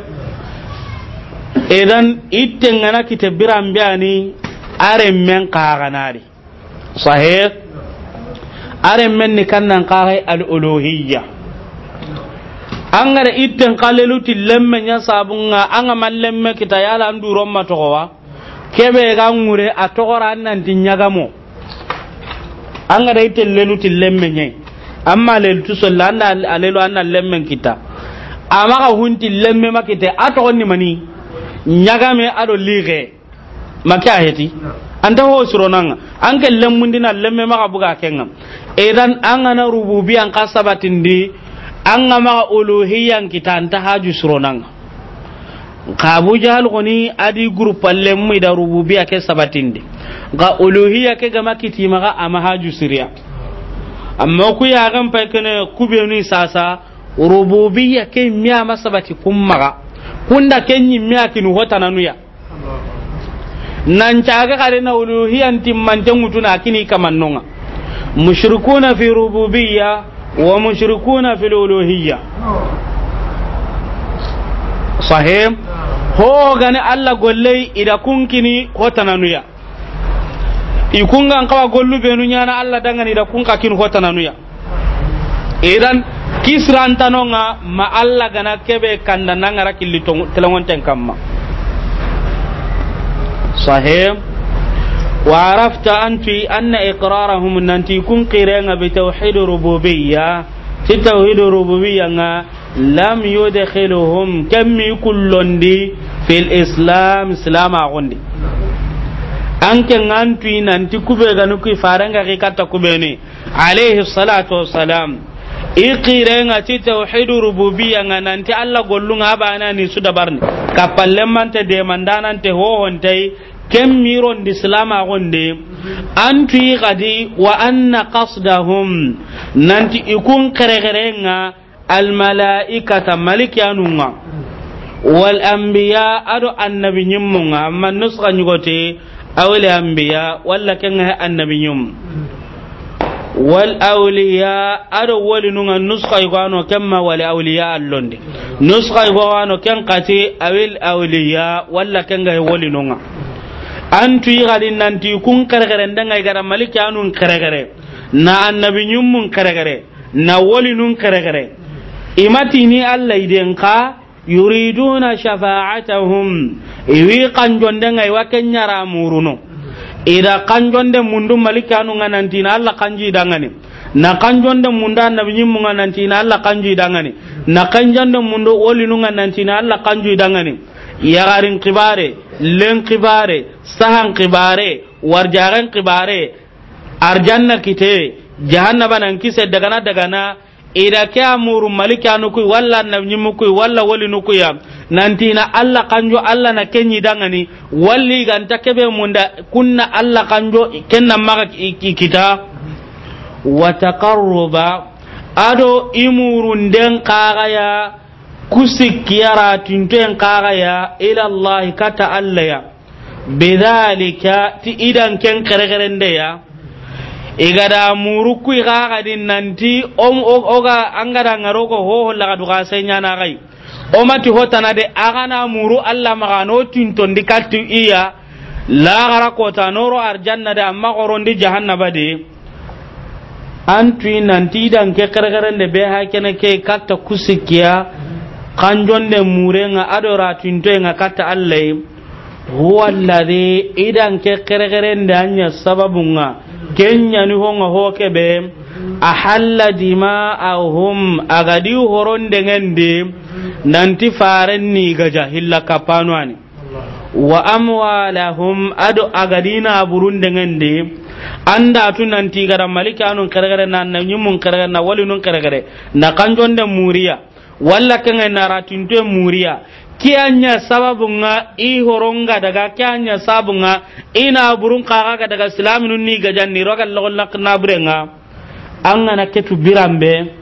idan itten ngana kite biran biani are men kaganari sahih aren men ni kan nan qare al uluhiyya an gara itten kaleluti lemme nya sabunga anga mallemme kita yala anduro ma togowa kebe ga ngure a togora annan gamo an gara itten leluti lemme nya amma lelutu solla anda alelu annan lemme kita amma ka hunti lemme makite a ni mani nyagame ado lige maka heti ta ho suronanga an kallan mun dina lemme maka buga kenga idan an gana rububiyan ka sabatindi an ga maka uluhiyan kita anta haju ka jahal kuni adi gurpalle lemmi da rububiya ke sabatindi ga uluhiya ke gama kiti maka ama haju siriya amma ku ya gan fa kana kubenu sasa rububiyya ke miya masabati kummaga kunda kenyi miya kinu hota nanuya nan caga kare na uluhiyan timman tengutuna kini kamannonga mushrikuna fi rububiyya wa mushrikuna fi uluhiyya sahim ho gani allah gollei ida kunkini hotananuya ikungan kawa gollu benu nyana allah dangani ida kunka kin hotananuya idan ma allah gana kebe kanda nangara killi telongonten kamma sahim وعرفت أنت أن إقرارهم أن تكون قرينة بتوحيد ربوبية توحيد ربوبية لم يدخلهم كم يكون في الإسلام إسلام أغندي anke ngantui nanti kube ga nuki faranga ki kata kube ni alayhi salatu wassalam iqire nga ti tawhid rububiyya nga nanti alla gollu nga bana ni su dabarni kapalle man te de mandana te ho hontai kem miron di silama gonde an tuyi gadi wa anna qasdahum nanti ikun kerekerenga almalaikata malikiyanunga wal anbiya ado annabi nyimmunga amma nusra nyugote awil anbiya walla kenga annabi nyum wal awliya ado wali nunga nusra yugano kemma wal awliya allonde nusra yugano ken qati awil awliya walla kenga wali nunga an tuyi galin nan ti kun kargare dan ai gara maliki anun kargare na annabi nyum mun kargare na wali nun kargare imati ni alla iden ka yuriduna shafa'atahum iwi kanjon dan ai wa kenyara muruno ida kanjon de mundu maliki anun nan tin alla Allah kanji dangane na kanjon da munda annabi nyum mun nyimmu nanti na Allah kanju dangane na kanjon da mundo woli nunga nanti na Allah kanju dangane yagarin kibare len kibare sahan kibare warjaren kibare arjanna kite jahannaba nan kise dagana dagana ida ke amuru maliki anukui walla nanyimukui walla wali nukuya na allah kanjo allah na kenyi dangani walli ganta kebe munda kunna allah kanjo kenna maka kita wa ado imurun den kagaya kusikkiyara tintoyen ya ila allah kata allah ya bidhalika ti idan ken kere ya igada muruku igagadin nanti om oga angada ngaroko hoho laga duga senyana gai omati hotana de agana muru allah magano tintondi katti iya gara kota noro arjanna de amma di jahannaba de antui nanti idan ke kere bai be na ke katta kusikiya mure nga adora tinto nga kata allai huwa alladhi idan ke kerekerende anya kenya ni honga hoke be ahalla dima ahum agadi horon ngendi nanti faren ni gaja hilla kapanwani wa amwalahum adu agadina burun ngendi anda tu nanti gara malika anun kerekere na kere kere na walinun kere na kanjonde muriya wala kanga nara muriya kianya sababu nga i horonga daga kianya sababu nga ina burun kaga daga daga nun ni ni rogal lo lagol na brenga an na ketu birambe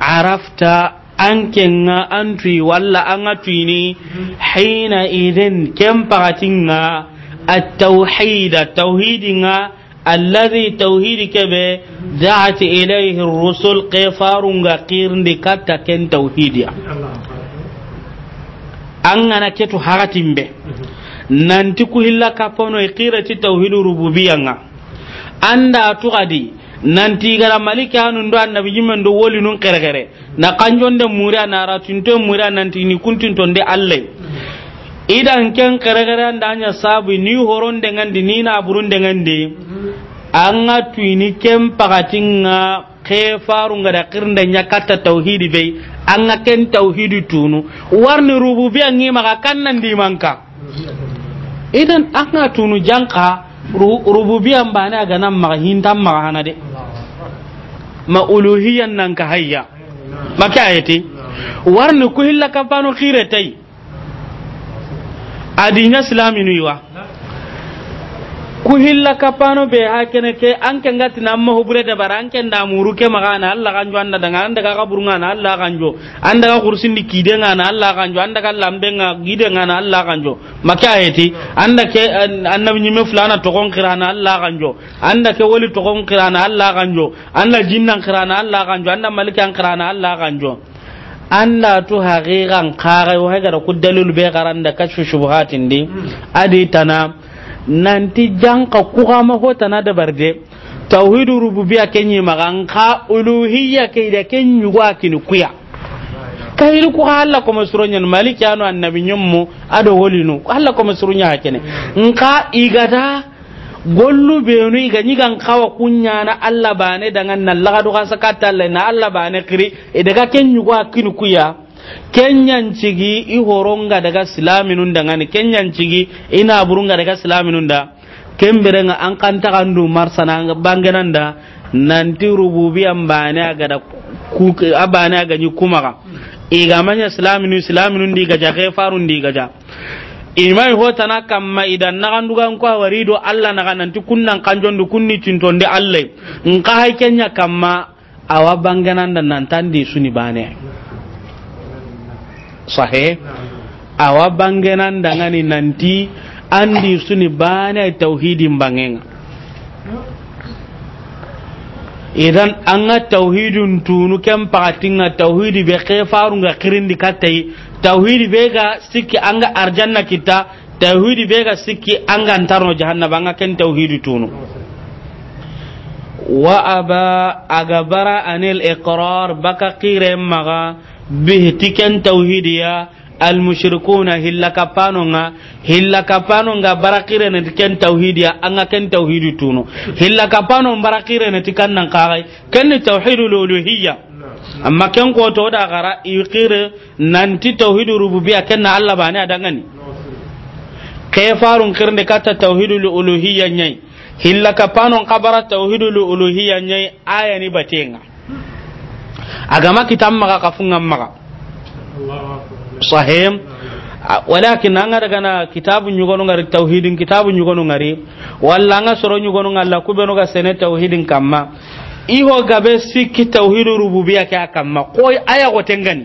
arafta an kenga an tui walla an hina idan kempa pagatinga at-tauhid at-tauhidinga الذي توحيد كبه دعت إليه الرسل قفار غقير لكتا كن توحيديا أننا كتو حراتين به nanti ku hilla kapono iqirati tauhidu rububiyya nga anda tuqadi nanti gara maliki hanu ndo annabi yimen do woli nun kere kere. na kanjonde mura na ratinto mura nanti ni kuntinto de alle idan ken kere anda anya sabu ni horon de ngandi ni na burun de ngandi anga tuini kem pagatinga ke farunga da kirnda nyakata tauhidi bai anga ken tauhidi tunu warni rububiyya ngi maka nan di manka idan anga tunu janka rububiyya bane aga nan maka hintan maka hana de ma uluhiyan nan ka hayya maka ayati warni ku hilla ka khiretai adinya islaminu yiwa ku hilla kapano be ha kene ke an ken gati na amma hubure da bara an ken da muru ke magana Allah kanjo anda daga anda ka kaburu ngana Allah kanjo anda ka kursin di kide ngana Allah kanjo anda ka lambe nga gide ngana Allah kanjo maka heti anda ke annabi nyime fulana to kon kirana Allah kanjo anda ke wali to kon kirana Allah kanjo anda jinnan kirana Allah kanjo anda malikan kirana Allah kanjo Allah tu haqiqan qara wa hagara ku dalil be garanda kashfu shubuhatin di hmm. adi tana nanti janka kugama hotana dabarde tauhidu rububiya kenyi magan ka uluhiyya ke da kenyi wa kini kuya kahiri ku halla ko masuronya maliki anu annabi nyummu ado holinu halla ko masuronya hakene nka igada gollu benu iga nyigan kawa kunya na Allah bane dangan nan lagadu kasakata na Allah bane kiri idaga kenyi wa kini kuya kenyan cigi i horonga daga silaminun da ngani kenyan cigi ina burunga daga silaminun da kembere nga an kanta kandu marsana bangenan da nanti rububiyan bane aga da ku abane aga ni kumaka iga manya silaminu silaminun di gaja ke farun di gaja imai tana kamma idan na kan dugan kwa warido Allah na kanan ti kunnan kanjon du kunni tinton de Allah in ka kenya kamma awa banganan da nan tandi suni bane sahe awa bangenan dangani nanti andi suni bana tauhidin bangenga idan an ga tauhidin tunu ken pakatin ga tauhidi be ke farun ga kirindi yi. tauhidi be ga siki an ga arjanna kita tauhidi be ga siki an ga antarno jahannaba an ga ken tauhidi tunu wa aba agabara anil iqrar baka qire maga bihtiken tauhidiya almushrikuna hilla kapanonga hilla kapanonga barakire ne ken tauhidiya anga ken tauhidi tuno hilla kapanon barakire ne tikan nan kagai ken tauhidu luluhiyya amma ken ko to da gara iqire ti tauhidu rububiyya ken na Allah bane adangani ke farun kirne kata tauhidu luluhiyya nyai hilla kapanon kabara tauhidu luluhiyya nyai ayani batenga agama kitam maga kafunga maga sahim walakin anga daga na kitabu nyugonu ngari tauhidin kitabu nyugonu ngari walla nga soro nyugonu ngalla kubenu ga sene tauhidin kamma iho gabe sikki tauhidu rububiyya ka kamma ko aya go tengani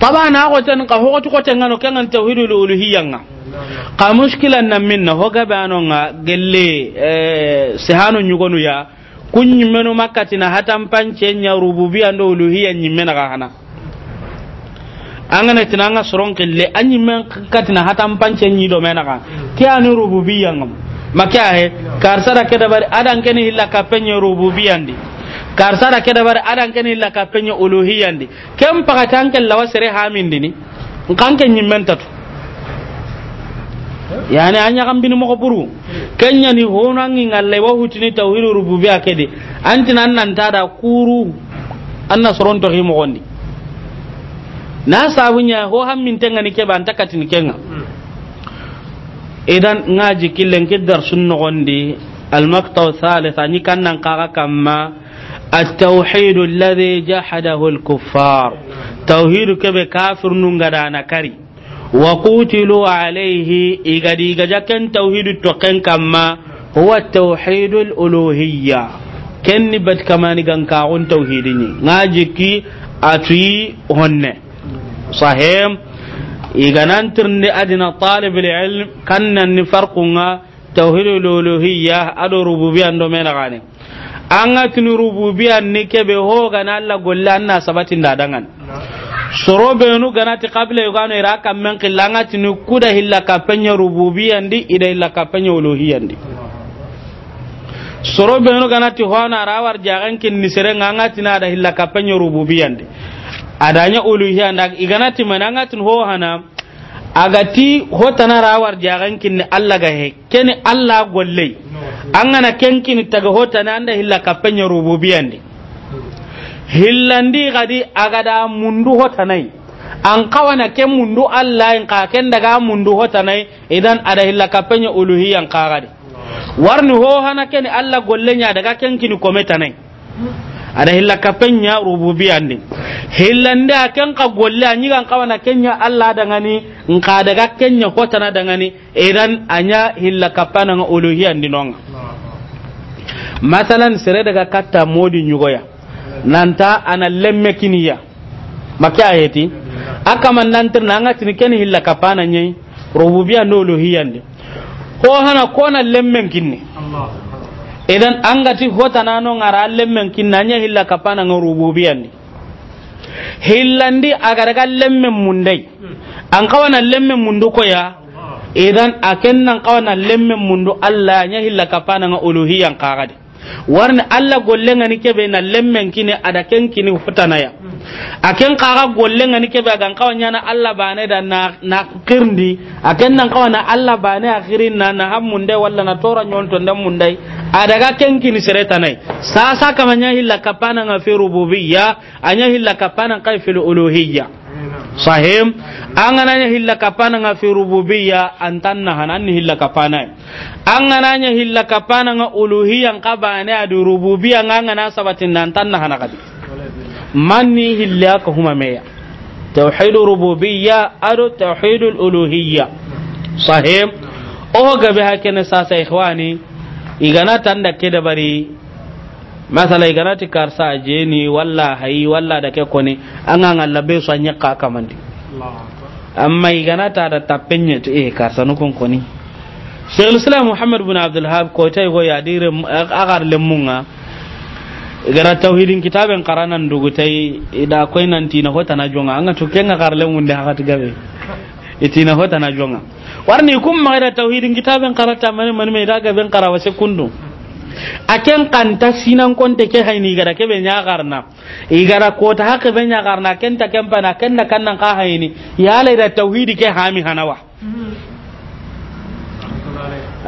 taba na go ten ka ho ko tengano kan tauhidul uluhiyya nga ka mushkilan nan minna ho gabe anonga gelle eh sehanu nyugonu ya kun nyimenu makkatina hatan pancenya rububiyya ndo uluhiyya nyimena kana angana tinanga soron kille anyi men kati na hatan pance nyi do menaka ke ani rububiyya ngam makya he karsara ke da bari adan ken hilla ka penye rububiyya ndi karsara ke da bari adan ken hilla ka penye uluhiyya ndi kem paka ken lawasere hamindi ni nkanke nyi men tatu yani an bin bini moko buru kenya ni hona an ngalle wa hutini tauhid rububiyya kede nan annan tada kuru anna soron to himo gondi na sabunya ho min tenga ni keba antakati ni kenga idan ngaji killen kiddar sunno gondi al maktaw thalitha ni kannan kaga kamma التوحيد الذي جحده الكفار توحيد كبه كافر نغدانا kari. wa kutilu alayhi igadi gaja tauhidu to ken kamma huwa tauhidul uluhiyya ken ni bat kamani gan ka on tauhidini ngaji ki atui honne sahem iganan tirni adina talib ilm kannan ni farqunga tauhidul uluhiyya ado rububiyyan do mena gane an ga tuni rububiyyan ni kebe ho gana Allah sabatin dadangan soro benu ganati qabila yugano ira kammen qillanga tinu kuda hilla kapenya rububiyandi ida hilla kapenya uluhiyandi soro benu ganati hona rawar jagan kin nisere nganga tina ada hilla kapenya rububiyandi adanya uluhiyanda iganati mananga tin ho hana agati hotana rawar jagan kin Allah ga he keni Allah gollei an kenkin taga hotana anda hilla kapenya rububiyandi hillandi gadi agada mundu hotanai an kawana ke mundu allah in ka ken daga mundu hotanai idan ada hilla kapenya uluhiyan kagadi warni ho hana ken allah gollenya daga ken kini kometanai ada hilla kapenya rububiyan ni hillande a ken ka golle a kan kawana kenya allah dangani nka daga kenya hotana dangani idan anya hilla kappananga uluhiyandinonga masalan sere daga katta modi ñugoya nanta ana lemme kiniya maki ayeti akaman nantir nanga tini ken hilla kapana nyai rububiyya no uluhiyyandi ko hana kona lemmen kinni idan angati hotanano ngara lemmen kinna nya hilla kapana nga rububiyyandi hillandi agaraga lemmen mundai an kawana lemmen mundu koya idan akennan kawana lemmen mundu Allah nya hilla kapana nga uluhiyyan kagadi warni alla golle ngani kebe na lemmen kini ada ken kini futana ya aken kaga golle ngani kebe ga kawanya na alla bane da na na kirndi aken nan kawana alla bane akhirin na na hamunde walla na tora nyonto ndam mundai ada ga ken kini sereta nai sasa kamanya hilla kapana ngafi rububiyya anya hilla kapana kaifil uluhiyya sahim an gananya hilla kapana nga fi rububiyya antan na hanan ni hilla kapana an gananya hilla kapana nga uluhiyyan qabane adu rububiyya nga ngana sabatin nan tan na hanakati manni hilla ka huma meya Tauhidu rububiyya adu tauhidu uluhiyya sahim o gabe hakene sasa ikhwani igana tan da ke da bari masala igana ti karsa ni walla hayi walla da ke koni an an ngalla be so anya ka kamandi amma igana ta da tapenye to eh karsa nu kon koni Sheikh Islam Muhammad bin Abdul Hab ko tay go ya dire agar lemunga igana tauhidin kitaben qaranan dugu tay ida koy nan tina hota na jonga anga to kenga karle mun da hakati gabe e na hota na jonga warni kum ma da tauhidin kitaben qarata man man me da gaben qarawa sekundu aken kanta sinan konte ke hayni gara ke be nyagarna igara ko ta haka be nyagarna ken ta ken pana ken na kannan ka hayni ya la da tauhidi ke hami hanawa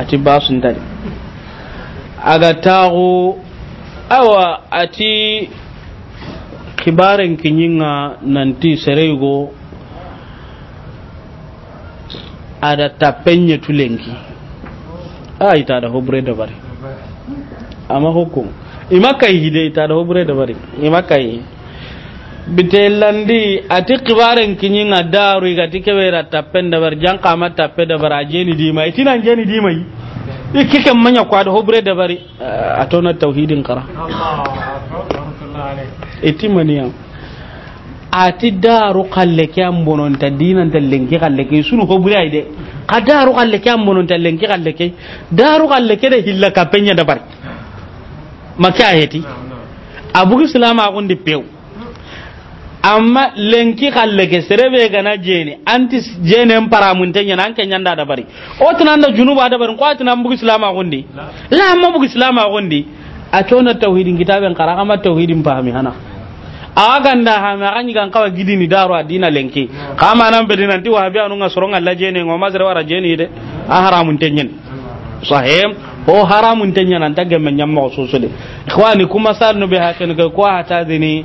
ati basun tadi aga tago awa ati kibaren kinyinga nanti serego ada tapenye tulengi a ita da hobre da bari ama hukum imakai hide ita da hobure da bari imakai a ati kibaren kinyi nga daru ga tike wera tapen da bar jan kama tape da bar ajeni di mai tina jeni di mai ikike manya kwa da hobure da bari eh, atona tauhidin kara iti maniya ati daru kalle kyan bononta ta dinan ta lenki kalle kai sunu hobure ai de ka daru kalle kyan bononta ta lenki kalle kai daru kalle kai da hilla kapenya da bari maki a heti abugi silama kundi pew amma lenki sere serebe gana jeni anti jenen paramunte nyana anke nyanda da bari o tunanda junuba da bari ko atuna bugi silama agundi la amma bugi silama agundi a tona tauhidin kitaben kara amma tauhidin fahmi hana awagan da ha ma ganyi kan kawa gidini daro adina lenki kama nan nanti anti wahabi anu nga soronga la jeni ngoma zare wara jeni de a haramun ɲani sahim o haramun tanya nan daga men nyamma soso de ikhwani kuma sanu be hakin ga ko hata dini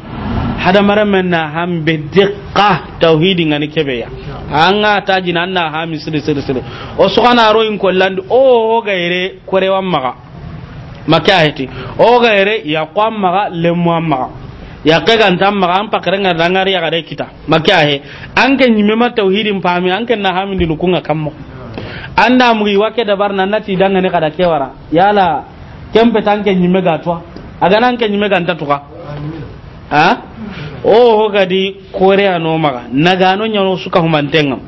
hada maramen na ham be diqqa tauhidi ngani kebe ya ga ta jina na ha misri sir sir o kana ro in kollan o o gaire kore wan maga makahiti o gaire ya kwam maga mu maga ya ke gan tam maga an pakare ngar dangari ya gare kita makahe an ke nyime ma tauhidin fami an ke na hamin dinu kunga kammo anda mugi wake da nan nati dangane kada kewara yala kempe tanke nyime ga to aga nan ke nyime ga ntatuka ha o ho gadi korea no na naga no nyano suka an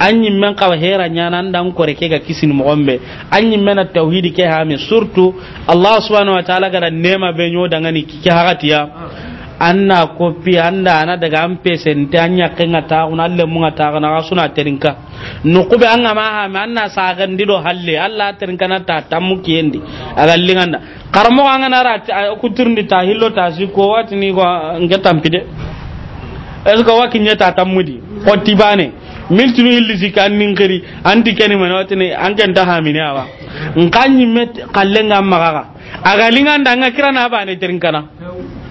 anyi men kawa hera nyana ndan kore ke ga kisin mo gombe anyi mena tauhidi ke ha mi surtu allah subhanahu wa ta'ala gara nema be nyoda ngani ki gatiya anna kopi anda ana daga an pesen ta anya kenga ta kuna alle munga ta na suna terinka no kube an ma ha ma anna gan dido halle alla terinka na ta tamu kiendi aga linganda karmo an na ra ku turndi ta hillo ta si ko wat ni ko ngetam pide es ko wakin ya ta di? ko tibane miltinu hilli si an nin kiri anti keni ma wat ni an ken ta hamini awa nkanyi met kallenga magaga aga linganda nga kirana ba ne na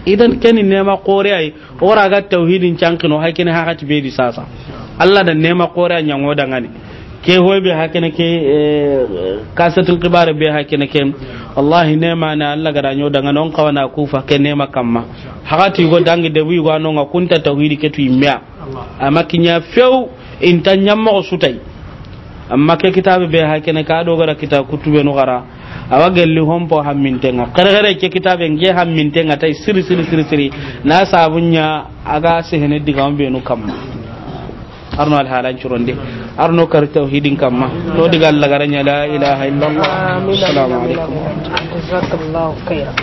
idan kani nema qore ay ora ga tauhidin cankino hakene ha gati be sasa Allah da nema qore an yango dangani ke hoyɓe hakkene ke e, kasatul kibare be hakkene ke wallahi na allah gada ñodanga on kawana kufa ke nema kamma hakati go dangi de wiigo anonga kunta tauhidi ke tu yimmea amma kiña few nyamma ñammoxo sutai amma ke kitabe be hakkene ka ɗo gara kita kutube nu gara awa gelli hompo kare kergere ke kitabe nge hammintenga tay siri siri siri siri na sabunya aga sehene diga ambe no kam arno al halan churonde arno kar tauhidin kamma to diga la ilaha illallah assalamu alaikum jazakallahu khairan